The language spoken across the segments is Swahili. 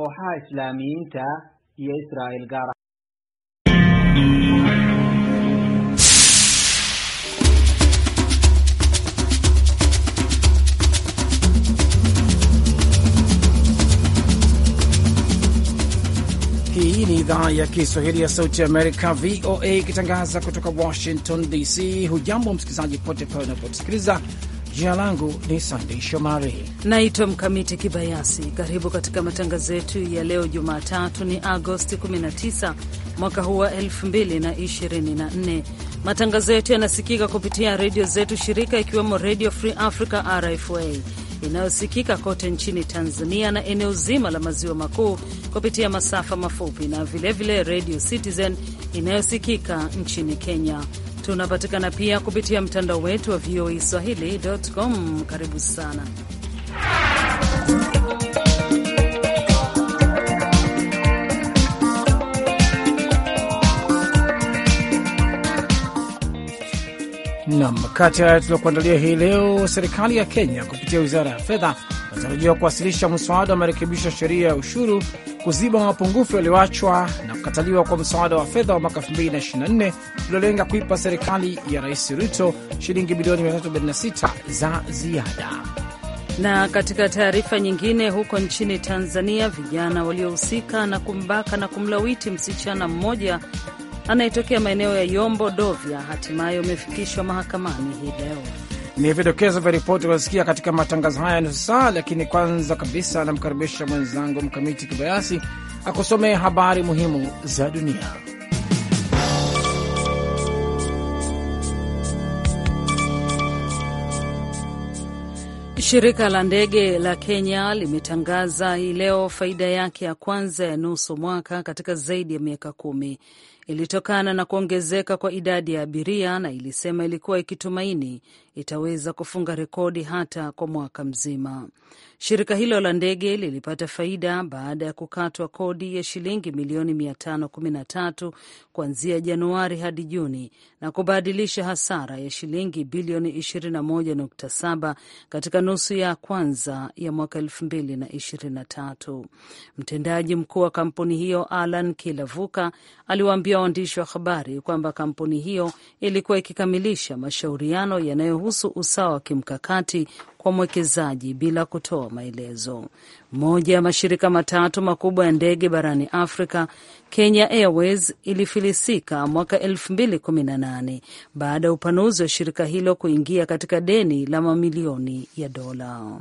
kooxaha Islaamiyiinta iyo Israa'iil gaar Hii ni idhaa ya Kiswahili ya Sauti Amerika, VOA, ikitangaza kutoka Washington DC. Hujambo msikilizaji pote pale unapotusikiliza Jina langu ni Sandei Shomari, naitwa Mkamiti Kibayasi. Karibu katika matangazo yetu ya leo Jumatatu ni Agosti 19 mwaka huu wa 2024. Matangazo yetu yanasikika kupitia redio zetu shirika, ikiwemo Redio Free Africa RFA inayosikika kote nchini Tanzania na eneo zima la maziwa makuu kupitia masafa mafupi na vilevile Redio Citizen inayosikika nchini Kenya. Tunapatikana pia kupitia mtandao wetu wa VOA Swahili.com. Karibu sana. Nam kati haya tuliokuandalia hii leo, serikali ya Kenya kupitia wizara ya fedha inatarajiwa kuwasilisha mswada wa marekebisho ya sheria ya ushuru kuziba mapungufu yaliyoachwa kukataliwa kwa msaada wa fedha wa mwaka 2024 uliolenga kuipa serikali ya Rais Ruto shilingi bilioni 346 za ziada. Na katika taarifa nyingine, huko nchini Tanzania, vijana waliohusika na kumbaka na kumlawiti msichana mmoja anayetokea maeneo ya Yombo Dovya hatimaye wamefikishwa mahakamani hii leo. Ni vidokezo vya ripoti unaosikia katika matangazo haya nusu saa, lakini kwanza kabisa anamkaribisha mwenzangu Mkamiti Kibayasi akusomea habari muhimu za dunia. Shirika la ndege la Kenya limetangaza hii leo faida yake ya kwanza ya nusu mwaka katika zaidi ya miaka kumi ilitokana na kuongezeka kwa idadi ya abiria na ilisema ilikuwa ikitumaini itaweza kufunga rekodi hata kwa mwaka mzima. Shirika hilo la ndege lilipata faida baada ya kukatwa kodi ya shilingi milioni 513 kuanzia Januari hadi Juni na kubadilisha hasara ya shilingi bilioni 21.7 katika nusu ya kwanza ya mwaka 2023. Mtendaji mkuu wa kampuni hiyo Alan Kilavuka aliwaambia waandishi wa habari kwamba kampuni hiyo ilikuwa ikikamilisha mashauriano yanayohusu usawa wa kimkakati kwa mwekezaji bila kutoa maelezo. Moja ya mashirika matatu makubwa ya ndege barani Afrika, Kenya Airways ilifilisika mwaka 2018 baada ya upanuzi wa shirika hilo kuingia katika deni la mamilioni ya dola.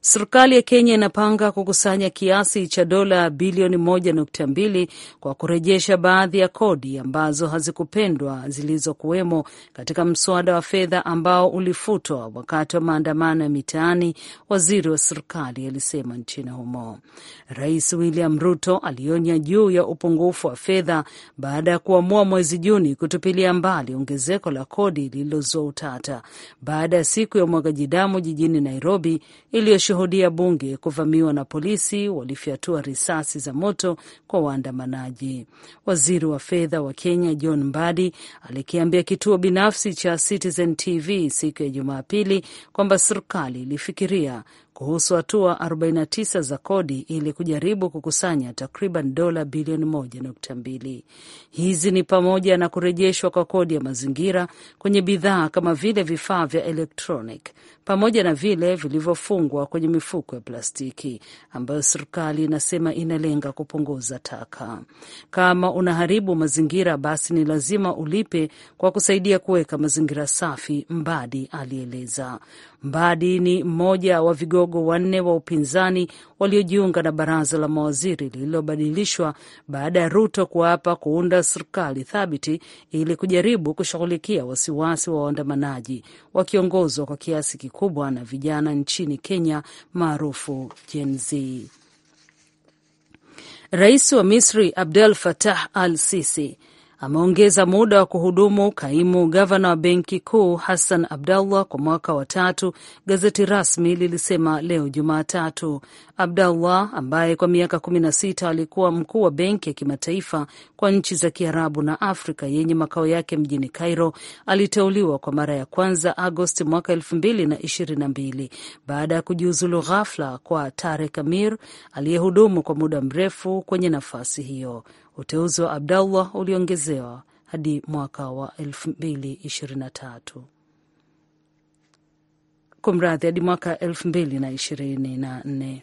Serikali ya Kenya inapanga kukusanya kiasi cha dola bilioni 1.2 kwa kurejesha baadhi ya kodi ambazo hazikupendwa zilizokuwemo katika mswada wa fedha ambao ulifutwa wakati wa maandamano ya mitaani, waziri wa serikali alisema nchini humo. Rais William Ruto alionya juu ya upungufu wa fedha baada ya kuamua mwezi Juni kutupilia mbali ongezeko la kodi lililozua utata baada ya siku ya umwagaji damu jijini Nairobi iliyo kushuhudia bunge kuvamiwa na polisi walifyatua risasi za moto kwa waandamanaji. Waziri wa fedha wa Kenya John Mbadi alikiambia kituo binafsi cha Citizen TV siku ya Jumapili kwamba serikali ilifikiria kuhusu hatua 49 za kodi ili kujaribu kukusanya takriban dola bilioni 1.2. Hizi ni pamoja na kurejeshwa kwa kodi ya mazingira kwenye bidhaa kama vile vifaa vya electronic pamoja na vile vilivyofungwa kwenye mifuko ya plastiki ambayo serikali inasema inalenga kupunguza taka. Kama unaharibu mazingira, basi ni lazima ulipe kwa kusaidia kuweka mazingira safi, Mbadi alieleza. Mbadi ni mmoja wa vigogo wadogo wanne wa upinzani waliojiunga na baraza la mawaziri lililobadilishwa baada ya Ruto kuapa kuunda serikali thabiti ili kujaribu kushughulikia wasiwasi wa waandamanaji wakiongozwa kwa kiasi kikubwa na vijana nchini Kenya maarufu Gen Z. Rais wa Misri Abdel Fattah al-Sisi ameongeza muda wa kuhudumu kaimu gavana wa benki kuu Hassan Abdallah kwa mwaka wa tatu, gazeti rasmi lilisema leo Jumatatu. Abdallah ambaye kwa miaka sita alikuwa mkuu wa benki ya kimataifa kwa nchi za Kiarabu na Afrika yenye makao yake mjini Cairo aliteuliwa kwa mara ya kwanza Agosti mwaka na mbili baada ya kujiuzulu ghafla kwa Tarek Amir aliyehudumu kwa muda mrefu kwenye nafasi hiyo. Uteuzi wa Abdallah uliongezewa hadi mwaka wa 2023 kumradhi, hadi mwaka 2024.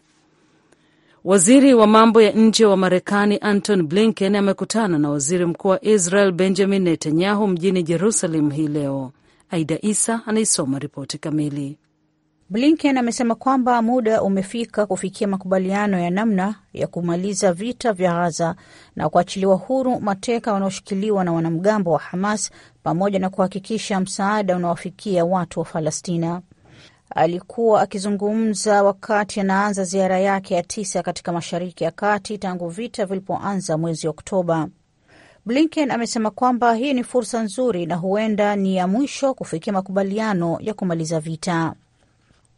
Waziri wa mambo ya nje wa Marekani Anton Blinken amekutana na waziri mkuu wa Israel Benjamin Netanyahu mjini Jerusalem hii leo. Aida Isa anaisoma ripoti kamili. Blinken amesema kwamba muda umefika kufikia makubaliano ya namna ya kumaliza vita vya Ghaza na kuachiliwa huru mateka wanaoshikiliwa na wanamgambo wa Hamas pamoja na kuhakikisha msaada unaowafikia watu wa Falastina. Alikuwa akizungumza wakati anaanza ziara yake ya tisa katika Mashariki ya Kati tangu vita vilipoanza mwezi Oktoba. Blinken amesema kwamba hii ni fursa nzuri na huenda ni ya mwisho kufikia makubaliano ya kumaliza vita.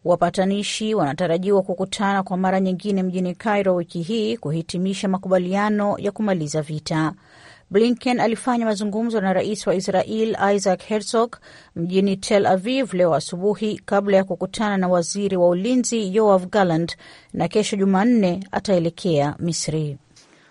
Wapatanishi wanatarajiwa kukutana kwa mara nyingine mjini Cairo wiki hii kuhitimisha makubaliano ya kumaliza vita. Blinken alifanya mazungumzo na rais wa Israel Isaac Herzog mjini Tel Aviv leo asubuhi kabla ya kukutana na waziri wa ulinzi Yoav Gallant, na kesho Jumanne ataelekea Misri.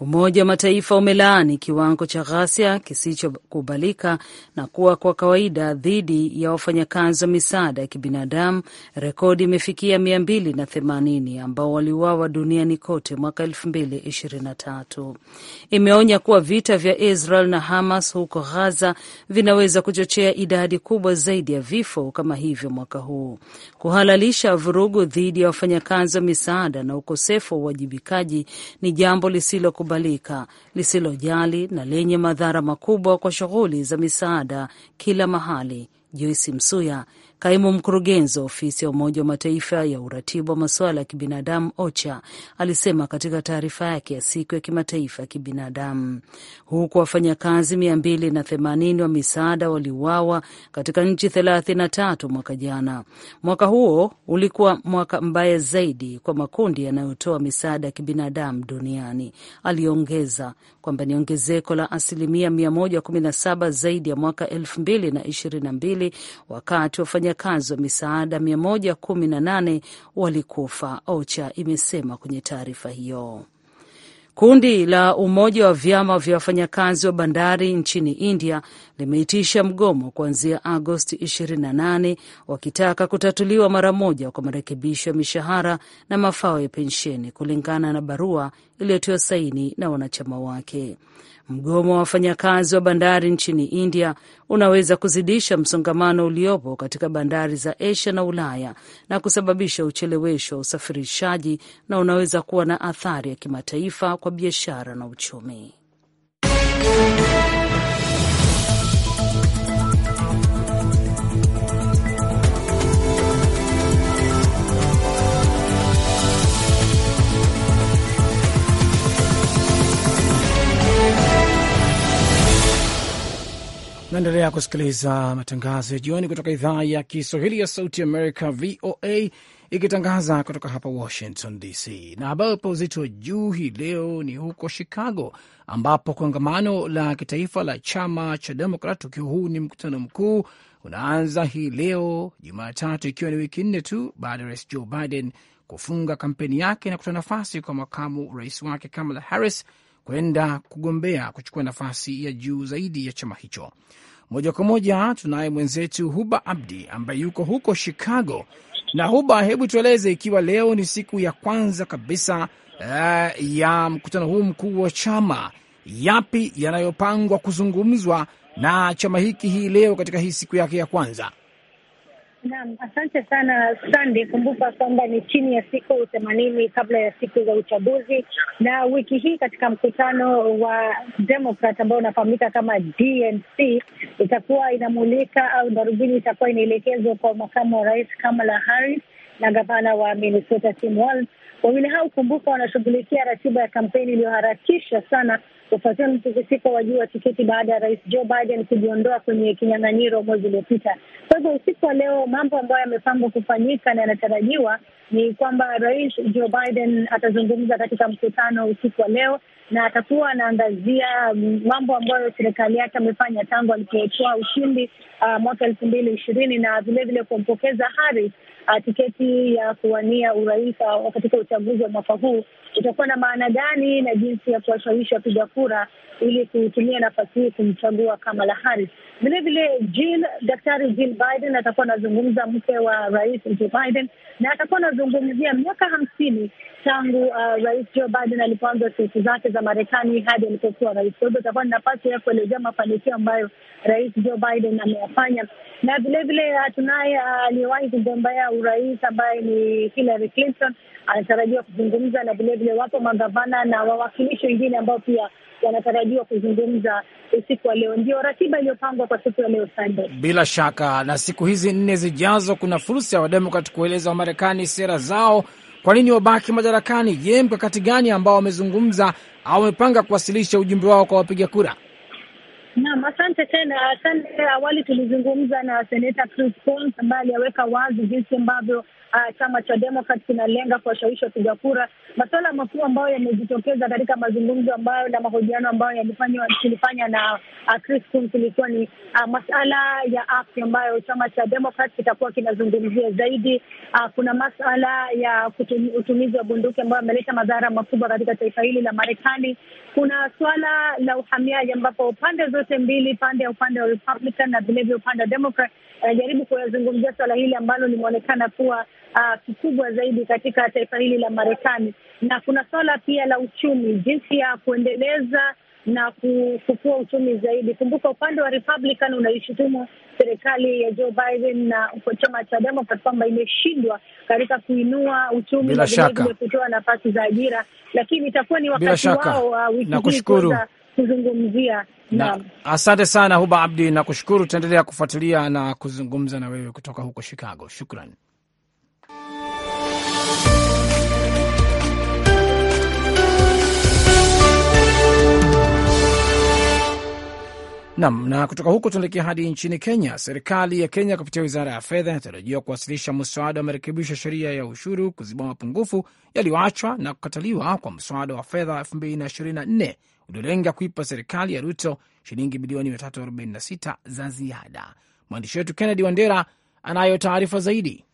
Umoja wa Mataifa umelaani kiwango cha ghasia kisichokubalika na kuwa kwa kawaida dhidi ya wafanyakazi wa misaada ya kibinadamu. Rekodi imefikia 280 ambao waliuawa duniani kote mwaka 2023. Imeonya kuwa vita vya Israel na Hamas huko Ghaza vinaweza kuchochea idadi kubwa zaidi ya vifo kama hivyo mwaka huu, kuhalalisha vurugu dhidi ya wafanyakazi wa misaada na ukosefu wa uwajibikaji ni jambo lisilo lisilokubalika, lisilojali na lenye madhara makubwa kwa shughuli za misaada kila mahali, Joyce Msuya, Kaimu mkurugenzi wa ofisi ya Umoja wa Mataifa ya uratibu wa masuala ya kibinadamu OCHA alisema katika taarifa yake ya siku ya kimataifa ya kibinadamu, huku wafanyakazi 280 wa misaada waliuawa katika nchi 33 mwaka jana. Mwaka huo ulikuwa mwaka mbaya zaidi kwa makundi yanayotoa misaada ya kibinadamu duniani, aliongeza kwamba ni ongezeko la asilimia 117 zaidi ya mwaka 2022 wakati wafanyakazi wa misaada 118 walikufa, OCHA imesema kwenye taarifa hiyo. Kundi la Umoja wa Vyama vya Wafanyakazi wa Bandari nchini India limeitisha mgomo kuanzia Agosti 28 wakitaka kutatuliwa mara moja kwa marekebisho ya mishahara na mafao ya pensheni kulingana na barua iliyotiwa saini na wanachama wake. Mgomo wa wafanyakazi wa bandari nchini India unaweza kuzidisha msongamano uliopo katika bandari za Asia na Ulaya na kusababisha uchelewesho wa usafirishaji na unaweza kuwa na athari ya kimataifa kwa biashara na uchumi. Naendelea kusikiliza matangazo ya jioni kutoka idhaa ya Kiswahili ya Sauti Amerika, VOA, ikitangaza kutoka hapa Washington DC. Na habari pa uzito wa juu hii leo ni huko Chicago, ambapo kongamano la kitaifa la chama cha Demokrat, ukiwa huu ni mkutano mkuu, unaanza hii leo Jumatatu, ikiwa ni wiki nne tu baada ya rais Joe Biden kufunga kampeni yake na kutoa nafasi kwa makamu rais wake Kamala Harris kwenda kugombea kuchukua nafasi ya juu zaidi ya chama hicho. Moja kwa moja tunaye mwenzetu Huba Abdi ambaye yuko huko Chicago. Na Huba, hebu tueleze, ikiwa leo ni siku ya kwanza kabisa uh, ya mkutano huu mkuu wa chama, yapi yanayopangwa kuzungumzwa na chama hiki hii leo katika hii siku yake ya kwanza? Naam, asante sana Sande. Kumbuka kwamba ni chini ya siku themanini kabla ya siku za uchaguzi, na wiki hii katika mkutano wa Democrat ambao unafahamika kama DNC itakuwa inamulika au darubini itakuwa inaelekezwa kwa makamu wa rais Kamala Harris na gavana wa Minnesota Tim Walz. Wawili hao, kumbuka, wanashughulikia ratiba ya kampeni iliyoharakisha sana kufuatia mtikisiko wa juu wa tiketi baada ya rais Joe Biden kujiondoa kwenye kinyang'anyiro mwezi uliopita. Kwa hivyo usiku wa leo mambo ambayo yamepangwa kufanyika na yanatarajiwa ni kwamba rais Joe Biden atazungumza katika mkutano usiku wa leo na atakuwa anaangazia mambo ambayo serikali yake amefanya tangu alipotoa ushindi uh, mwaka elfu mbili ishirini na vilevile kumpokeza Harris Uh, tiketi ya kuwania urais uh, katika uchaguzi wa mwaka huu itakuwa na maana gani na jinsi ya kuwashawishi wapiga kura ili kutumia nafasi hii kumchagua Kamala Harris. Vilevile Jill, Daktari Jill Biden atakuwa anazungumza, mke wa rais Joe Biden, na atakuwa anazungumzia miaka hamsini tangu uh, rais Joe Biden alipoanza siasa zake za Marekani hadi alipokuwa rais. Kwa hivyo itakuwa ni nafasi ya kuelezea mafanikio ambayo rais Joe Biden ameyafanya, na vilevile uh, tunaye uh, aliyewahi kugombea urais ambaye ni Hillary Clinton anatarajiwa kuzungumza, na vilevile wapo magavana na wawakilishi wengine ambao pia wanatarajiwa kuzungumza usiku wa leo. Ndio ratiba iliyopangwa kwa siku ya leo Sunday. Bila shaka, na siku hizi nne zijazo, kuna fursa ya Wademokrat kueleza Wamarekani sera zao, kwa nini wabaki madarakani. Je, mkakati gani ambao wamezungumza au wamepanga kuwasilisha ujumbe wao kwa wapiga kura? Naam, asante tena. Asante. Awali tulizungumza na Seneta Chris Coons ambaye aliyaweka wazi jinsi ambavyo uh, chama cha demokrat kinalenga kuwashawishi wapiga kura. Masuala makuu ambayo yamejitokeza katika mazungumzo ambayo na mahojiano ambayo yalifanywa tulifanya na uh, Chris Coons ilikuwa ni uh, masala ya afya ambayo chama cha Demokrat kitakuwa kinazungumzia zaidi. Uh, kuna masala ya kutum, utumizi wa bunduki ambayo ameleta madhara makubwa katika taifa hili la Marekani. Kuna swala la uhamiaji ambapo pande zote mbili, pande ya upande wa Republican na vilevile upande wa Democrat, anajaribu eh, kuyazungumzia swala hili ambalo limeonekana kuwa uh, kikubwa zaidi katika taifa hili la Marekani, na kuna swala pia la uchumi, jinsi ya kuendeleza na kufufua uchumi zaidi. Kumbuka upande wa Republican unaishutumu serikali ya Joe Biden na chama cha Demokrat kwamba imeshindwa katika kuinua uchumi bila shaka kutoa nafasi za ajira, lakini itakuwa ni wakati wao wa wiki hii kuweza kuzungumzia na, asante sana Huba Abdi, nakushukuru. Tutaendelea kufuatilia na kuzungumza na wewe kutoka huko Chicago. Shukran. Nam na kutoka huko tunaelekea hadi nchini Kenya. Serikali ya Kenya kupitia wizara ya fedha inatarajiwa kuwasilisha mswada wa marekebisho ya sheria ya ushuru kuziba mapungufu yaliyoachwa na kukataliwa kwa mswada wa fedha 2024 uliolenga kuipa serikali ya Ruto shilingi bilioni 346 za ziada. Mwandishi wetu Kennedy Wandera anayo taarifa zaidi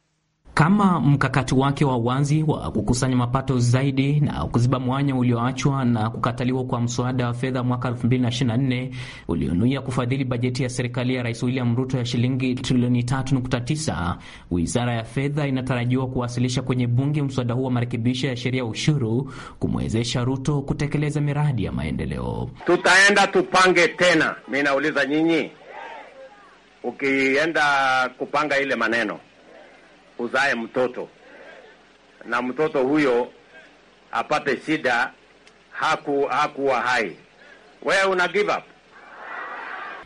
kama mkakati wake wa wazi wa kukusanya mapato zaidi na kuziba mwanya ulioachwa na kukataliwa kwa mswada wa fedha mwaka 2024 ulionuia kufadhili bajeti ya serikali ya Rais William Ruto ya shilingi trilioni 3.9. Wizara ya Fedha inatarajiwa kuwasilisha kwenye bunge mswada huo wa marekebisho ya sheria ya ushuru kumwezesha Ruto kutekeleza miradi ya maendeleo. Tutaenda tupange tena. Mi nauliza nyinyi, ukienda kupanga ile maneno uzae mtoto na mtoto huyo apate shida, hakuwa haku hai, wewe una give up.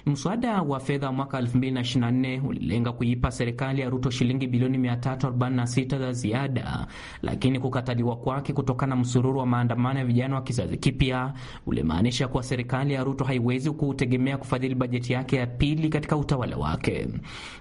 Mswada wa fedha mwaka 2024 ulilenga kuipa serikali ya Ruto shilingi bilioni 346 za ziada, lakini kukataliwa kwake kutokana na msururu wa maandamano ya vijana wa kizazi kipya ulimaanisha kuwa serikali ya Ruto haiwezi kutegemea kufadhili bajeti yake ya pili katika utawala wake.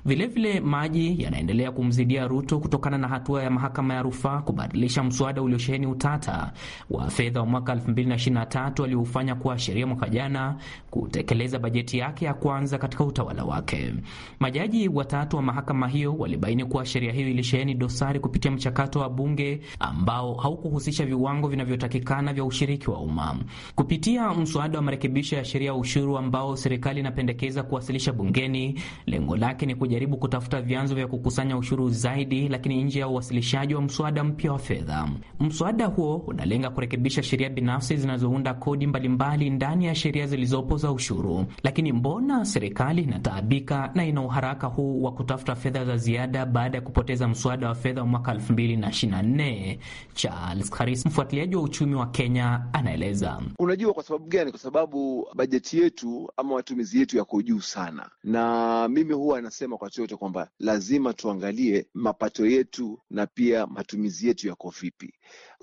Vilevile vile maji yanaendelea kumzidia Ruto kutokana na hatua ya mahakama ya rufaa kubadilisha mswada uliosheheni utata wa fedha wa mwaka 2023 aliofanya kuwa sheria mwaka jana kutekeleza bajeti yake ya ya kwanza katika utawala wake. Majaji watatu wa mahakama hiyo walibaini kuwa sheria hiyo ilisheheni dosari kupitia mchakato wa bunge ambao haukuhusisha viwango vinavyotakikana vya ushiriki wa umma. Kupitia mswada wa marekebisho ya sheria ya ushuru ambao serikali inapendekeza kuwasilisha bungeni, lengo lake ni kujaribu kutafuta vyanzo vya kukusanya ushuru zaidi, lakini nje ya uwasilishaji wa mswada mpya wa fedha. Mswada huo unalenga kurekebisha sheria binafsi zinazounda kodi mbalimbali ndani ya sheria zilizopo za ushuru, lakini mbona Mbona serikali inataabika na ina uharaka huu wa kutafuta fedha za ziada baada ya kupoteza mswada wa fedha wa mwaka 2024? Charles Haris, mfuatiliaji wa uchumi wa Kenya, anaeleza. Unajua kwa sababu gani? Kwa sababu bajeti yetu ama matumizi yetu yako juu sana, na mimi huwa anasema kwa chote kwamba lazima tuangalie mapato yetu na pia matumizi yetu yako vipi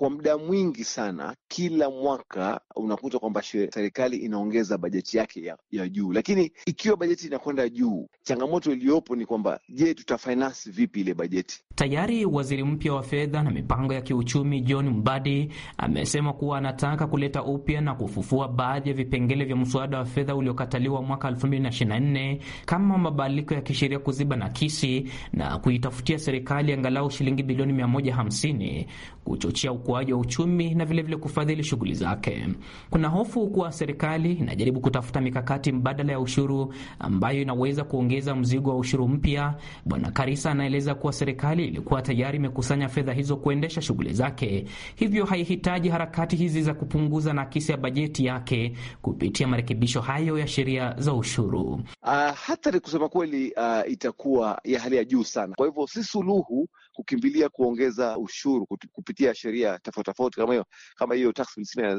kwa muda mwingi sana, kila mwaka unakuta kwamba serikali inaongeza bajeti yake ya, ya juu. Lakini ikiwa bajeti inakwenda juu, changamoto iliyopo ni kwamba je, tutafinance vipi ile bajeti? Tayari waziri mpya wa fedha na mipango ya kiuchumi John Mbadi amesema kuwa anataka kuleta upya na kufufua baadhi ya vipengele vya mswada wa fedha uliokataliwa mwaka 2024 kama mabadiliko ya kisheria kuziba nakisi na kuitafutia serikali angalau shilingi bilioni 150 kuchochea ukuaji wa uchumi na vilevile kufadhili shughuli zake. Kuna hofu kuwa serikali inajaribu kutafuta mikakati mbadala ya ushuru ambayo inaweza kuongeza mzigo wa ushuru mpya. Bwana Karisa anaeleza kuwa serikali ilikuwa tayari imekusanya fedha hizo kuendesha shughuli zake, hivyo haihitaji harakati hizi za kupunguza nakisi ya bajeti yake kupitia marekebisho hayo ya sheria za ushuru. Uh, hata ni kusema kweli, uh, itakuwa ya hali ya juu sana. Kwa hivyo si suluhu kukimbilia kuongeza ushuru kupitia sheria tofauti tofauti kama hiyo kama hiyo tax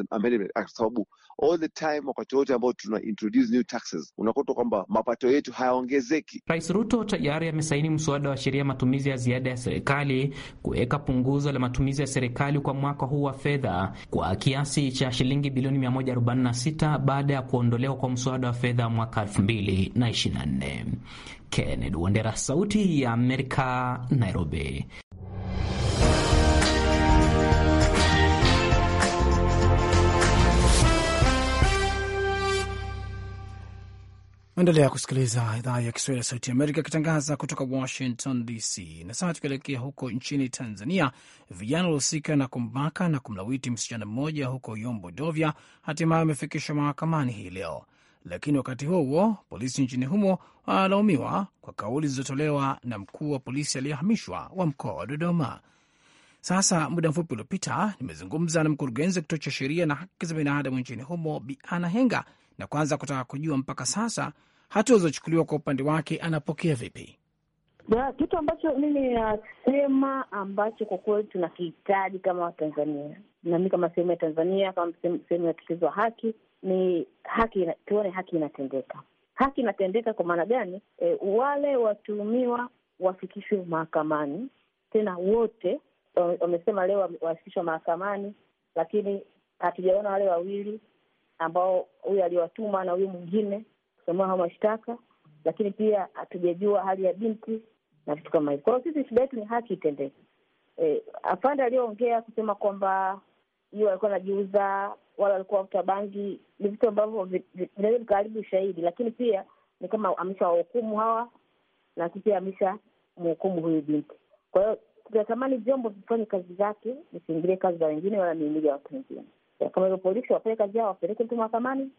amendment kwa sababu all the time, wakati wote ambao tuna introduce new taxes unakuta kwamba mapato yetu hayaongezeki. Rais Ruto tayari amesaini mswada wa sheria matumizi ya ziada ya serikali kuweka punguzo la matumizi ya serikali kwa mwaka huu wa fedha kwa kiasi cha shilingi bilioni 146 baada ya kuondolewa kwa mswada wa fedha mwaka 2024. Kennedy Wandera, Sauti ya Amerika, Nairobi. Endelea kusikiliza idhaa ya Kiswahili ya Sauti ya Amerika ikitangaza kutoka Washington DC. Na sasa tukielekea huko nchini Tanzania, vijana waliohusika na kumbaka na kumlawiti msichana mmoja huko Yombo Dovya hatimaye wamefikishwa mahakamani hii leo lakini wakati huo huo polisi nchini humo wanalaumiwa kwa kauli zilizotolewa na mkuu wa polisi aliyehamishwa wa mkoa wa Dodoma. Sasa muda mfupi uliopita nimezungumza na mkurugenzi wa kituo cha sheria na haki za binadamu nchini humo Bi Ana Henga, na kwanza kutaka kujua mpaka sasa hatua zilizochukuliwa kwa upande wake anapokea vipi na kitu ambacho mimi uh, nasema ambacho kwa kweli tunakihitaji kama Watanzania na mi kama sehemu ya Tanzania, kama sehemu ya watetezi wa haki ni haki, tuone haki inatendeka. Haki inatendeka kwa maana gani? E, wale watuhumiwa wafikishwe mahakamani, tena wote wamesema leo wafikishwa mahakamani, lakini hatujaona wale wawili ambao huyu aliwatuma na huyu mwingine kusomewa hao mashtaka, lakini pia hatujajua hali ya binti na vitu kama hivyo. Kwa hiyo sisi shida yetu ni haki itendeke. E, afande aliyoongea kusema kwamba hiyo alikuwa anajiuza wala alikuwa wavuta bangi ni vitu ambavyo vinaweza vikaharibu ushahidi, lakini pia ni kama amesha wahukumu hawa, lakini pia mhukumu huyu binti. Kwa hiyo tunatamani vyombo vifanye kazi zake, visiingilie kazi za wengine wala miimili ya watu wengine. Kama hivyo polisi wafanye kazi yao, wapeleke mtu mahakamani,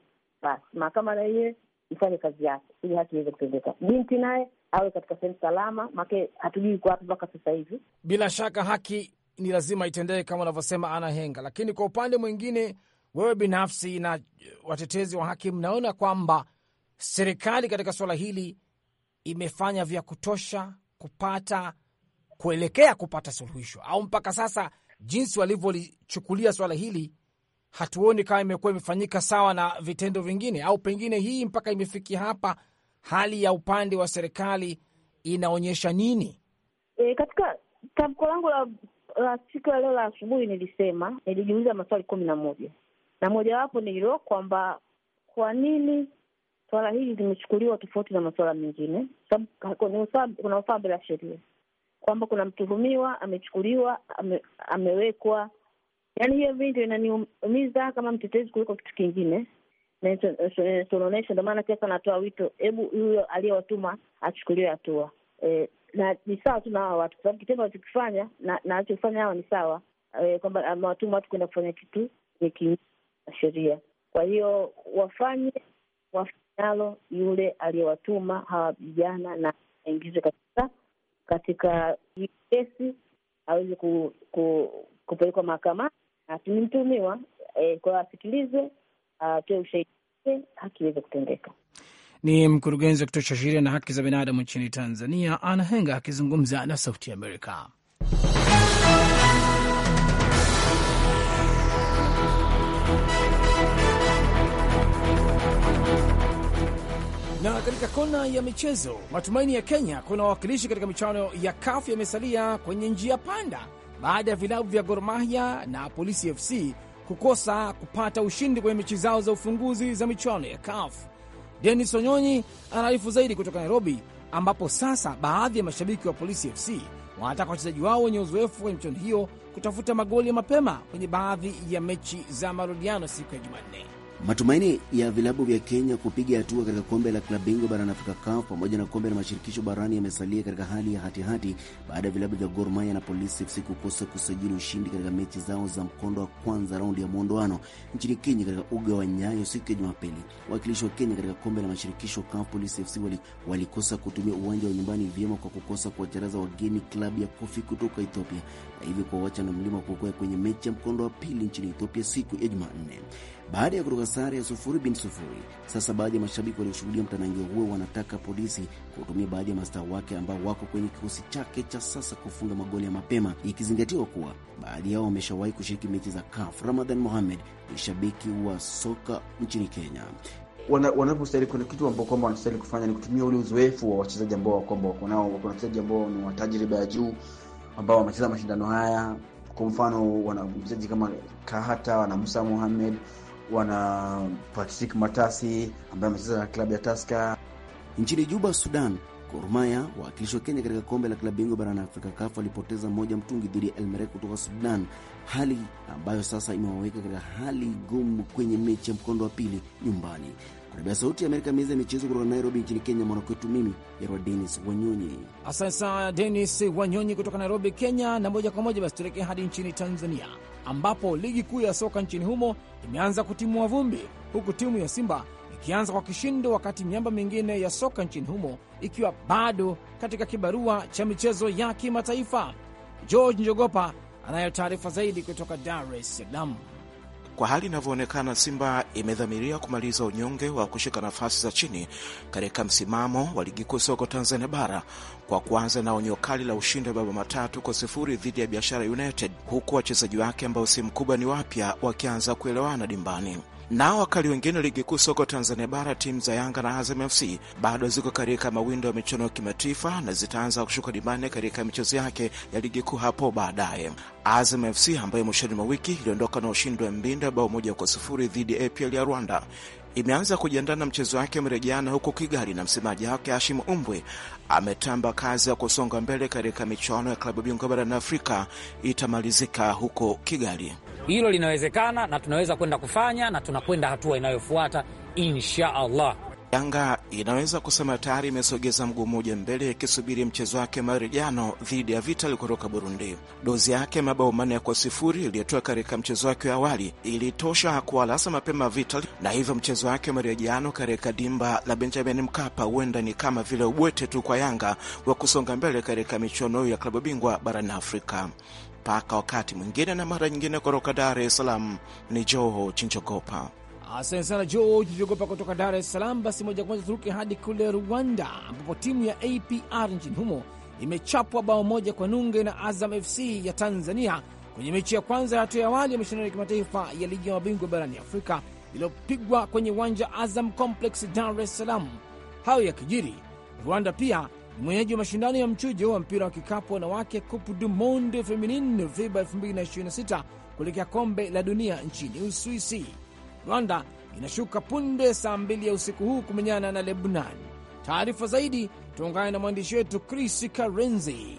basi mahakama na yeye ifanye kazi yake ili haki iweze kutendeka. Binti naye awe katika sehemu salama, make hatujui kwa wapi mpaka sasa hivi. Bila shaka haki ni lazima itendee kama unavyosema Ana Henga, lakini kwa upande mwingine, wewe binafsi na watetezi wa haki mnaona kwamba serikali katika suala hili imefanya vya kutosha kupata kuelekea kupata suluhisho, au mpaka sasa jinsi walivyolichukulia swala hili hatuoni kama imekuwa imefanyika sawa na vitendo vingine, au pengine hii mpaka imefikia hapa hali ya upande wa serikali inaonyesha nini? E, katika tamko langu la la siku ya leo la asubuhi nilisema, nilijiuliza maswali kumi na moja na mojawapo ni hilo kwamba kwa nini swala hili limechukuliwa tofauti na masuala mengine, kuna ufaa mbele ya sheria, kwamba kuna mtuhumiwa amechukuliwa, ame, amewekwa. Yaani hiyo vindo ndio inaniumiza kama mtetezi kuliko kitu kingine, Eh, Suluhisho. Eh, ndo maana sasa anatoa wito, hebu huyo aliyewatuma achukuliwe hatua e, na ni sawa tu na hawa watu, kwa sababu kitendo wanachokifanya na anachofanya hawa ni sawa e, kwamba amewatuma watu kuenda kufanya kitu ni kinyume na sheria. Kwa hiyo wafanye wafanyalo yule aliyewatuma hawa vijana, na aingize katika katika hii kesi, aweze ku, ku, kupelekwa mahakamani. Ni mtumiwa e, kwa asikilizwe, atoe ushahidi iweze kutendeka. Ni mkurugenzi wa kituo cha sheria na haki za binadamu nchini Tanzania, Ana Henga akizungumza na Sauti ya Amerika. Na katika kona ya michezo, matumaini ya Kenya kuna wawakilishi katika michuano ya kafu yamesalia kwenye njia panda baada ya vilabu vya Gor Mahia na Polisi FC kukosa kupata ushindi kwenye mechi zao za ufunguzi za michuano ya CAF. Denis Onyonyi anaarifu zaidi kutoka Nairobi, ambapo sasa baadhi ya mashabiki wa Polisi FC wanataka wachezaji wao wenye uzoefu kwenye michuano hiyo kutafuta magoli ya mapema kwenye baadhi ya mechi za marudiano siku ya Jumanne. Matumaini ya vilabu vya Kenya kupiga hatua katika kombe la klabu bingwa barani Afrika CAF pamoja na kombe la mashirikisho barani yamesalia katika hali ya hatihati baada ya vilabu vya Gor Mahia na Polisi FC kukosa kusajili ushindi katika mechi zao za mkondo wa kwanza raundi ya mwondoano nchini Kenya katika uga wa Nyayo siku ya Jumapili. Wakilishi wa Kenya katika kombe la mashirikisho CAF, Polisi FC walikosa wali kutumia uwanja wa nyumbani vyema kwa kukosa kuwacharaza wageni klabu ya Kofi kutoka Ethiopia na hivyo kuwawacha na mlima kuokoa kwenye mechi ya mkondo wa pili nchini Ethiopia siku ya Jumanne baada ya kutoka sare ya sufuri bin sufuri. Sasa baadhi ya mashabiki walioshuhudia mtanangio huo wanataka polisi kutumia baadhi ya mastaa wake ambao wako kwenye kikosi chake cha sasa kufunga magoli ya mapema, ikizingatiwa kuwa baadhi yao wameshawahi kushiriki mechi za CAF. Ramadhan Mohamed ni shabiki wa soka nchini Kenya. Wanapostahili kuna kitu ambao kwamba wanastahili kufanya ni kutumia ule uzoefu wa wachezaji ambao kwamba wako nao, kuna wachezaji ambao ni wa tajriba ya juu ambao wamecheza mashindano haya. Kwa mfano, wana mchezaji kama Kahata, wana Musa Mohamed wana Patrick Matasi ambaye amecheza na klabu ya Taska. Nchini Juba, Sudan, Gor Mahia wawakilishi wa Kenya katika kombe la klabu bingwa barani Afrika CAF walipoteza moja mtungi dhidi ya Elmerek kutoka Sudan, hali ambayo sasa imewaweka katika hali gumu kwenye mechi ya mkondo wa pili nyumbani. Karibu Sauti ya Amerika, meza ya michezo kutoka Nairobi nchini Kenya, mwanakwetu mimi Yarwa Denis Wanyonyi. Asante sana Denis Wanyonyi kutoka Nairobi, Kenya. Na moja kwa moja basi tuelekee hadi nchini Tanzania, ambapo ligi kuu ya soka nchini humo imeanza kutimua vumbi, huku timu ya Simba ikianza kwa kishindo, wakati miamba mingine ya soka nchini humo ikiwa bado katika kibarua cha michezo ya kimataifa. George Njogopa anayo taarifa zaidi kutoka Dar es Salaam. Kwa hali inavyoonekana, Simba imedhamiria kumaliza unyonge wa kushika nafasi za chini katika msimamo wa ligi kuu soko Tanzania bara kwa kuanza na onyo kali la ushindi wa mabao matatu kwa sifuri dhidi ya Biashara United, huku wachezaji wake ambao si mkubwa ni wapya wakianza kuelewana dimbani. Nao wakali wengine ligi kuu soko Tanzania bara, timu za Yanga na Azam FC bado ziko katika mawindo ya michuano ya kimataifa na zitaanza kushuka dimani katika michezo yake ya ligi kuu hapo baadaye. Azam FC ambayo mwishoni mwa wiki iliondoka na ushindi wa Mbinda bao moja kwa sufuri dhidi ya APR ya Rwanda imeanza kujiandaa na mchezo wake mrejeana huko Kigali, na msemaji wake Hashim Umbwe ametamba kazi ya kusonga mbele katika michuano ya klabu bingwa barani Afrika itamalizika huko Kigali. Hilo linawezekana na tunaweza kwenda kufanya na tunakwenda hatua inayofuata insha Allah. Yanga inaweza kusema tayari imesogeza mguu mmoja mbele ikisubiri mchezo wake marejano dhidi ya Vitali kutoka Burundi. Dozi yake mabao manne kwa sifuri iliyotoa katika mchezo wake wa awali ilitosha kuwalasa mapema Vitali, na hivyo mchezo wake marejano katika dimba la Benjamin Mkapa huenda ni kama vile ubwete tu kwa Yanga wa kusonga mbele katika michuano hiyo ya klabu bingwa barani Afrika mpaka wakati mwingine na mara nyingine. Kutoka Dar es Salaam ni Joho Chinchogopa. Asante sana Joho Chinchogopa kutoka Dar es Salaam. Basi moja kwa moja turuke hadi kule Rwanda, ambapo timu ya APR nchini humo imechapwa bao moja kwa nunge na Azam FC ya Tanzania kwenye mechi ya kwanza ya hatua ya awali ya mashindano ya kimataifa ya ligi ya mabingwa barani Afrika iliyopigwa kwenye uwanja Azam Complex, Dar es Salaam. Hayo ya kijiri, Rwanda pia ni mwenyeji wa mashindano ya mchujo wa mpira wa kikapu wanawake Coupe du Monde Feminine FIBA 2026 kuelekea kombe la dunia nchini Uswisi. Rwanda inashuka punde saa mbili ya usiku huu kumenyana na Lebanon. Taarifa zaidi tuungane na mwandishi wetu Chris Karenzi.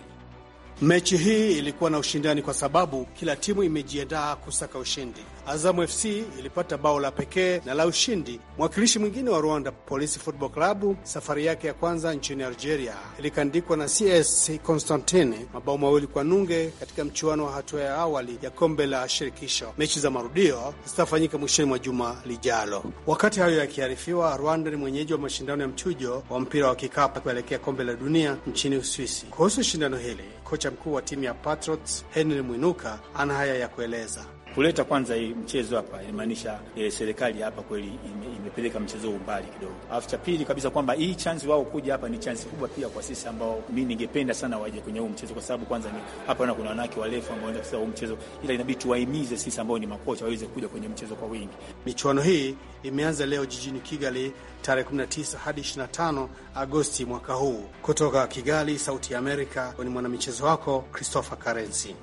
Mechi hii ilikuwa na ushindani kwa sababu kila timu imejiandaa kusaka ushindi. Azamu FC ilipata bao la pekee na la ushindi. Mwakilishi mwingine wa Rwanda, Polisi Football Club, safari yake ya kwanza nchini Algeria ilikandikwa na CS Constantine mabao mawili kwa nunge katika mchuano wa hatua ya awali ya kombe la shirikisho. Mechi za marudio zitafanyika mwishoni mwa juma lijalo. Wakati hayo yakiarifiwa, Rwanda ni mwenyeji wa mashindano ya mchujo wa mpira wa kikapu kuelekea kombe la dunia nchini Uswisi. Kuhusu shindano hili kocha mkuu wa timu ya Patriots Henry Mwinuka ana haya ya kueleza kuleta kwanza hii mchezo hapa inamaanisha e, serikali hapa kweli ime, imepeleka mchezo umbali kidogo. Alafu cha pili kabisa kwamba hii chansi wao kuja hapa ni chansi kubwa pia kwa sisi ambao mi ningependa sana waje kwenye huu mchezo, kwa sababu kwanza ni hapa na kuna wanawake warefu ambao wanaweza kucheza huu mchezo, ila inabidi tuwahimize sisi ambao ni makocha waweze kuja kwenye mchezo kwa wingi. Michuano hii imeanza leo jijini Kigali tarehe 19 hadi 25 Agosti mwaka huu. Kutoka Kigali, Sauti ya Amerika, ni mwanamichezo wako Christopher Karenzi.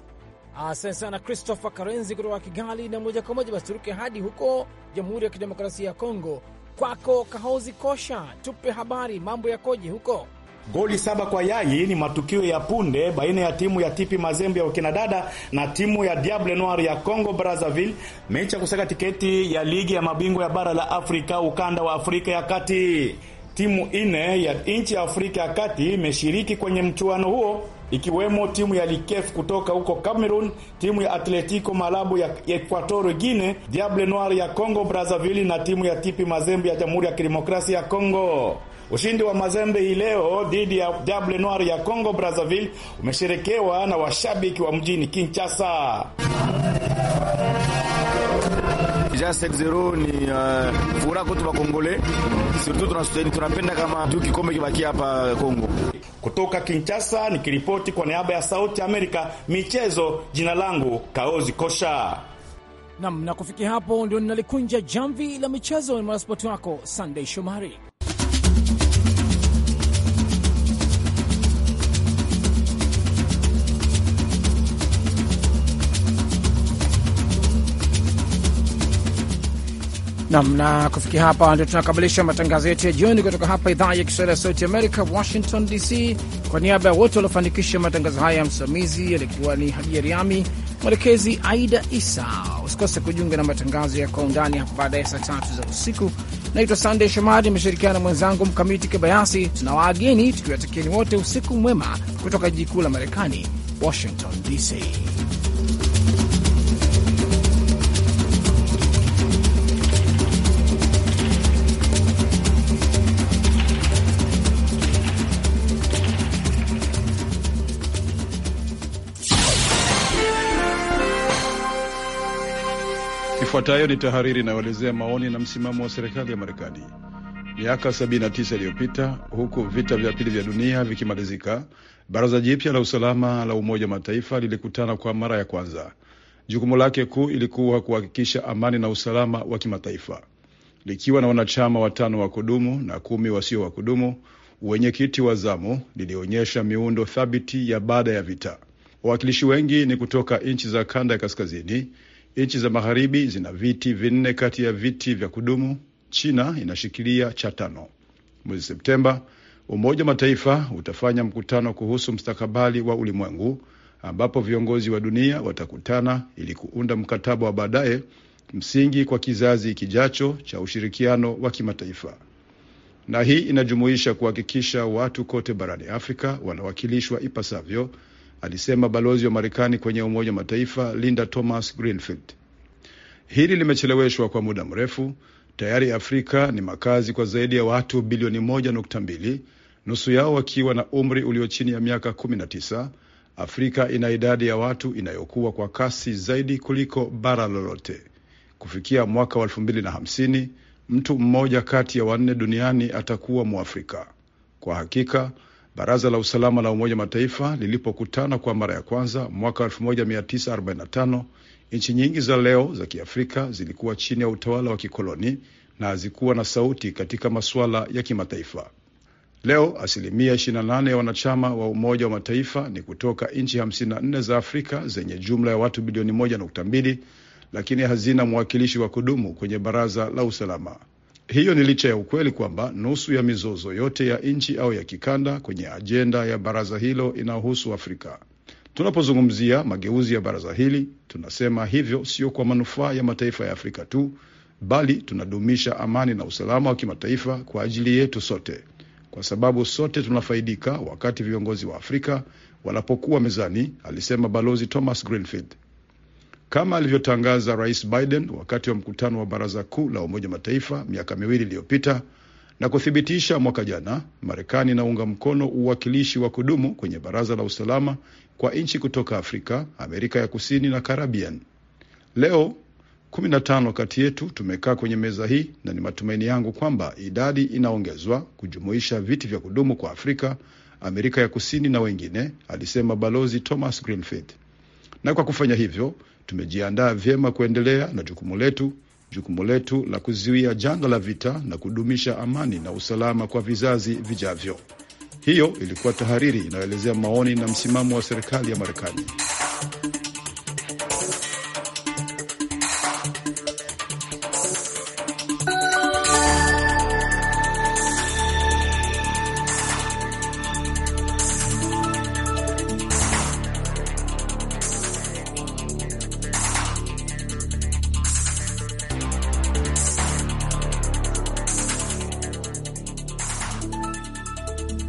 Asante sana Christopher Karenzi kutoka Kigali. Na moja kwa moja basi turuke hadi huko Jamhuri ya Kidemokrasia ya Kongo, kwako Kahozi Kosha, tupe habari, mambo yakoje huko? Goli saba kwa yai ni matukio ya punde baina ya timu ya Tipi Mazembe ya wakinadada na timu ya Diable Noir ya Congo Brazzaville, mechi ya kusaka tiketi ya ligi ya mabingwa ya bara la Afrika ukanda wa Afrika ya kati. Timu ine ya nchi ya Afrika ya kati imeshiriki kwenye mchuano huo ikiwemo timu ya Likef kutoka huko Cameroon, timu ya Atletico Malabo ya Equator Guine, Diable Noir ya Congo Brazzaville na timu ya Tipi Mazembe ya Jamhuri ya Kidemokrasia ya Congo. Ushindi wa Mazembe hii leo dhidi ya Diable Noir ya Congo Brazzaville umesherekewa na washabiki wa mjini Kinshasa deja 7-0 ni uh, furaha kwetu wa Kongole, surtout tunapenda kama tu kikombe kibaki hapa Kongo. Kutoka Kinshasa nikiripoti kwa niaba ya Sauti Amerika michezo, jina langu Kaozi Kosha. Nam na kufikia hapo ndio ninalikunja jamvi la michezo na mwanaspoti wako Sunday Shomari. nam. Na kufikia hapa ndio tunakamilisha matangazo yetu ya jioni kutoka hapa idhaa ya Kiswahili ya Sauti Amerika, Washington DC. Kwa niaba ya wote waliofanikisha matangazo haya, ya msimamizi alikuwa ni Hadia Riami, mwelekezi Aida Isa. Usikose kujiunga na matangazo ya Kwa Undani hapo baada ya saa tatu za usiku. Naitwa Sandey Shomari, imeshirikiana na mwenzangu Mkamiti Kibayasi. wageni tukiwatakieni wote usiku mwema kutoka jiji kuu la Marekani, Washington DC. Ifuatayo ni tahariri inayoelezea maoni na msimamo wa serikali ya Marekani. Miaka 79 iliyopita, huku vita vya pili vya dunia vikimalizika, baraza jipya la usalama la Umoja wa Mataifa lilikutana kwa mara ya kwanza. Jukumu lake kuu ilikuwa kuhakikisha amani na usalama wa kimataifa. Likiwa na wanachama watano wa kudumu na kumi wasio wa kudumu, uwenyekiti wa zamu lilionyesha miundo thabiti ya baada ya vita. Wawakilishi wengi ni kutoka nchi za kanda ya kaskazini Nchi za magharibi zina viti vinne kati ya viti vya kudumu. China inashikilia cha tano. Mwezi Septemba, Umoja wa Mataifa utafanya mkutano kuhusu mstakabali wa ulimwengu ambapo viongozi wa dunia watakutana ili kuunda mkataba wa baadaye, msingi kwa kizazi kijacho cha ushirikiano wa kimataifa. Na hii inajumuisha kuhakikisha watu kote barani Afrika wanawakilishwa ipasavyo alisema balozi wa Marekani kwenye Umoja wa Mataifa Linda Thomas Greenfield. Hili limecheleweshwa kwa muda mrefu. Tayari Afrika ni makazi kwa zaidi ya watu bilioni 1.2, nusu yao wakiwa na umri ulio chini ya miaka 19. Afrika ina idadi ya watu inayokuwa kwa kasi zaidi kuliko bara lolote. Kufikia mwaka wa 2050, mtu mmoja kati ya wanne duniani atakuwa Mwafrika. Kwa hakika Baraza la Usalama la Umoja Mataifa lilipokutana kwa mara ya kwanza mwaka 1945, nchi nyingi za leo za Kiafrika zilikuwa chini ya utawala wa kikoloni na hazikuwa na sauti katika masuala ya kimataifa. Leo asilimia 28 ya wanachama wa Umoja wa Mataifa ni kutoka nchi 54 za Afrika zenye jumla ya watu bilioni 1.2, lakini hazina mwakilishi wa kudumu kwenye Baraza la Usalama. Hiyo ni licha ya ukweli kwamba nusu ya mizozo yote ya nchi au ya kikanda kwenye ajenda ya baraza hilo inahusu Afrika. Tunapozungumzia mageuzi ya baraza hili, tunasema hivyo sio kwa manufaa ya mataifa ya Afrika tu, bali tunadumisha amani na usalama wa kimataifa kwa ajili yetu sote, kwa sababu sote tunafaidika wakati viongozi wa Afrika wanapokuwa mezani, alisema Balozi Thomas Greenfield kama alivyotangaza Rais Biden wakati wa mkutano wa Baraza Kuu la Umoja Mataifa miaka miwili iliyopita na kuthibitisha mwaka jana, Marekani inaunga mkono uwakilishi wa kudumu kwenye Baraza la Usalama kwa nchi kutoka Afrika, Amerika ya Kusini na Karabian. Leo 15 kati yetu tumekaa kwenye meza hii na ni matumaini yangu kwamba idadi inaongezwa kujumuisha viti vya kudumu kwa Afrika, Amerika ya Kusini na wengine, alisema Balozi Thomas Greenfield. Na kwa kufanya hivyo Tumejiandaa vyema kuendelea na jukumu letu, jukumu letu la kuzuia janga la vita na kudumisha amani na usalama kwa vizazi vijavyo. Hiyo ilikuwa tahariri inayoelezea maoni na msimamo wa serikali ya Marekani.